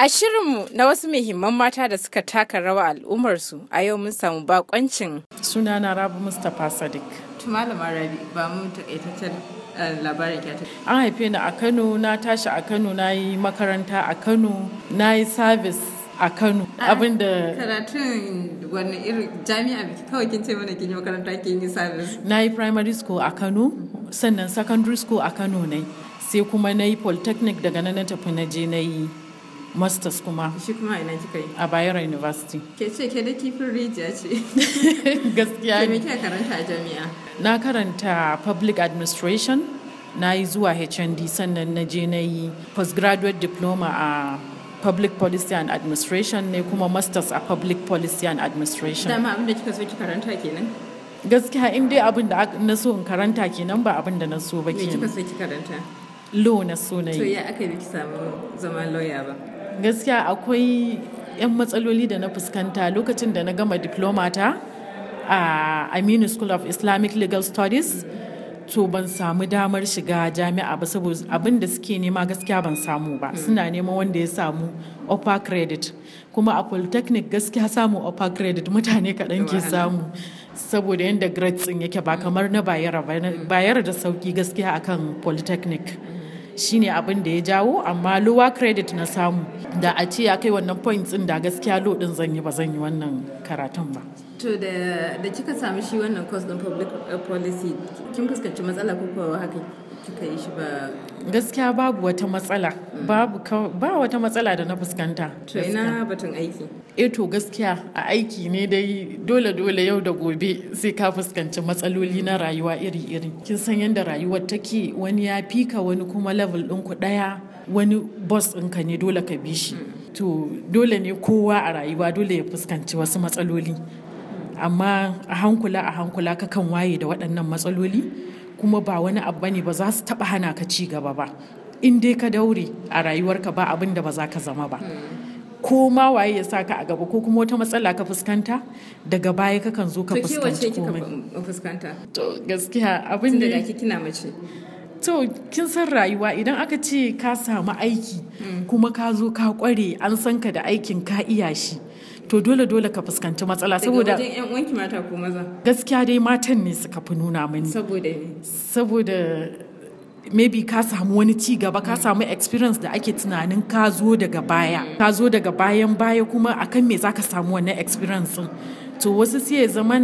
A shirinmu na wasu muhimman mata da suka taka rawa al'ummarsu a yau mun samu bakoncin. Suna na Rabu Mustapha Sadiq. Tumala Rabi ba mu takaitaccen eh, labarin kyata. An haife ni a Kano, na tashi a Kano, na yi makaranta a Kano, na yi sabis a Kano. Abinda karatun wani irin jami'a kawai kin ce mana kin yi makaranta kin yi sabis. Na yi primary school a Kano, sannan secondary school a Kano ne. Sai kuma na yi polytechnic daga nan na tafi na je na yi masters kuma shi kuma ina kika yi a Bayero University ke ce ke da kifin rijiya ce gaskiya ne kika karanta a jami'a na karanta public administration na yi zuwa HND sannan na je na yi postgraduate diploma a public policy and administration ne kuma masters a public policy and administration dama abin da kika so ki karanta kenan gaskiya in dai abin da na so in karanta kenan ba abin da na so ba kenan me kika so ki karanta lo na so na yi to ya aka yi ki samu zama lawyer ba gaskiya akwai 'yan matsaloli da na fuskanta lokacin da na gama diplomata a aminu school of islamic legal studies to ban samu damar shiga jami'a ba saboda abin da suke nema gaskiya ban samu ba hmm. suna neman wanda ya samu upper credit kuma a polytechnic gaskiya samu upper credit mutane kaɗan ke samu saboda yadda grades yake ba kamar na bayar hmm. da sauki gaskiya akan polytechnic shine abin da ya jawo amma lowa credit na samu da a ce ya kai wannan points ɗin da gaskiya lo din zan yi ba zan yi wannan karatun ba To da da kika sami shi wannan course din public eh, policy kin fuskanci matsala ko kuwa haka kika yi shi ba gaskiya babu wata matsala mm. babu ba wata matsala da na fuskanta to ina batun aiki eh to gaskiya a aiki ne dai dole dole yau da gobe sai ka fuskanci matsaloli na rayuwa iri iri kin san yadda rayuwar take wani ya fika wani kuma level din ku daya wani boss ka ne dole ka bi shi mm. to dole ne kowa a rayuwa dole ya fuskanci wasu matsaloli amma a hankula a hankula ka kan waye da waɗannan matsaloli kuma ba wani abu bane ba za su taɓa hana ka ci gaba ba in dai ka daure a rayuwarka ba abin da ba za ka zama ba ko ma waye ya sa ka a gaba ko kuma wata matsala ka fuskanta daga baya ka kan zo ka komai fuskanta to gaskiya abin da kina mace to kin san rayuwa idan aka ce ka samu aiki mm. kuma ka zo ka kware an san ka da aikin ka iya shi to dole dole ka fuskanci matsala saboda daga wajen mata ko maza gaskiya dai matan ne suka fi nuna mani saboda maybe ka samu wani ci gaba ka mm. samu experience da ake tunanin ka zo daga baya mm. ka zo daga bayan baya kuma akan me zaka samu wannan experience to wasu sai zama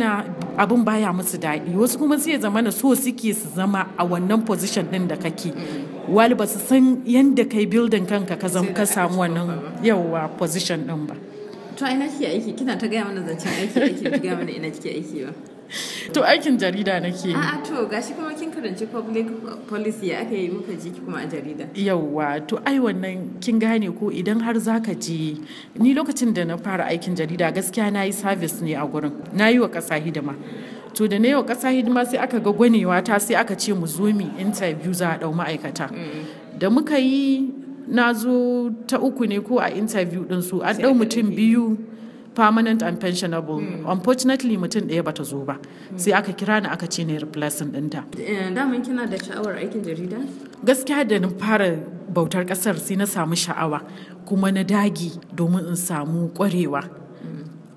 abin baya musu daɗi wasu kuma sai zama na so suke su zama a wannan position din da kake mm. wali ba su san yadda kai building kanka ka samu wannan yawa position din ba to ina kike aiki kina ta gaya mana zancen aiki aiki ta gaya mana ina kike aiki ba to aikin jarida nake a to gashi kuma kin karanci public policy ya aka yi muka ji kuma a jarida yawwa to ai wannan kin gane ko idan har zaka je ni lokacin da na fara aikin jarida gaskiya na yi service ne a gurin na yi wa ƙasa hidima to da na yi wa ƙasa hidima sai aka ga gwanewa ta sai aka ce mu zo mu interview za a ɗau ma'aikata mm. da muka yi na zo ta uku ne ko a interview din su an dau mutum biyu permanent and pensionable mm. unfortunately mutum ɗaya bata zo ba hmm. sai aka kira ni aka ce ne replacing ɗinta eh, daman kina da sha'awar aikin jarida gaskiya da na fara bautar ƙasar sai na samu sha'awa kuma na dagi domin in samu kwarewa.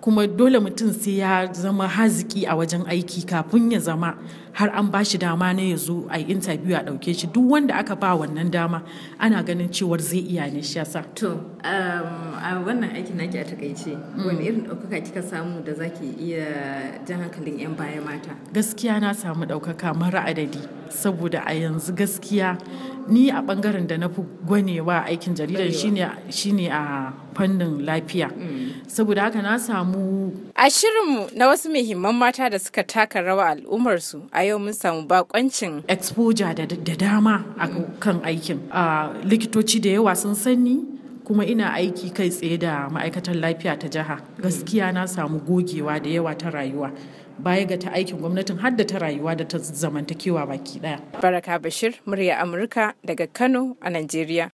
kuma dole mutum sai ya zama haziki a wajen aiki kafin ya zama har an ba shi dama na ya zo a interview a ɗauke shi duk wanda aka ba wannan dama ana ganin cewar zai iya ne shi yasa to um, a wannan aikin naki a takaice mm. wani irin ɗaukaka kika samu da zaki iya jan hankalin yan baya mata gaskiya na samu ɗaukaka mara adadi saboda a yanzu gaskiya ni a ɓangaren da na fi gwanewa aikin jaridan shine a fannin lafiya mm. saboda haka na samu a shirinmu na wasu muhimman mata da suka taka rawa al'ummarsu a yau mun samu bakoncin exposure da dama a kan aikin likitoci da yawa sun sani kuma ina aiki kai tsaye da ma'aikatar lafiya ta jiha gaskiya na samu gogewa da yawa ta rayuwa baya ga ta aikin gwamnatin har ta rayuwa da ta zamantakewa baki daya. Baraka Bashir, murya Amurka daga Kano a Najeriya.